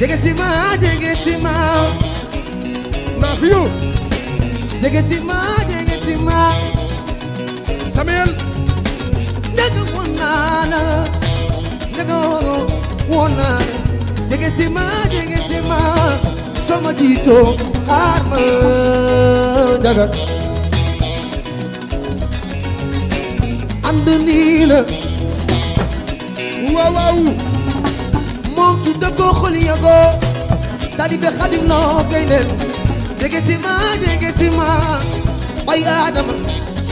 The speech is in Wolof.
jege si ma jege si ma ndax yu jege si ma jege si ma Samuel ndege woon naa la ndege woon naa la si ma jege si ma sama jiito xaar ma jaga ànd nii la waaw waaw dëggoo xol yëgoo taalibe Xaadim noo gay neen jege si ma jege si ma bay Aadama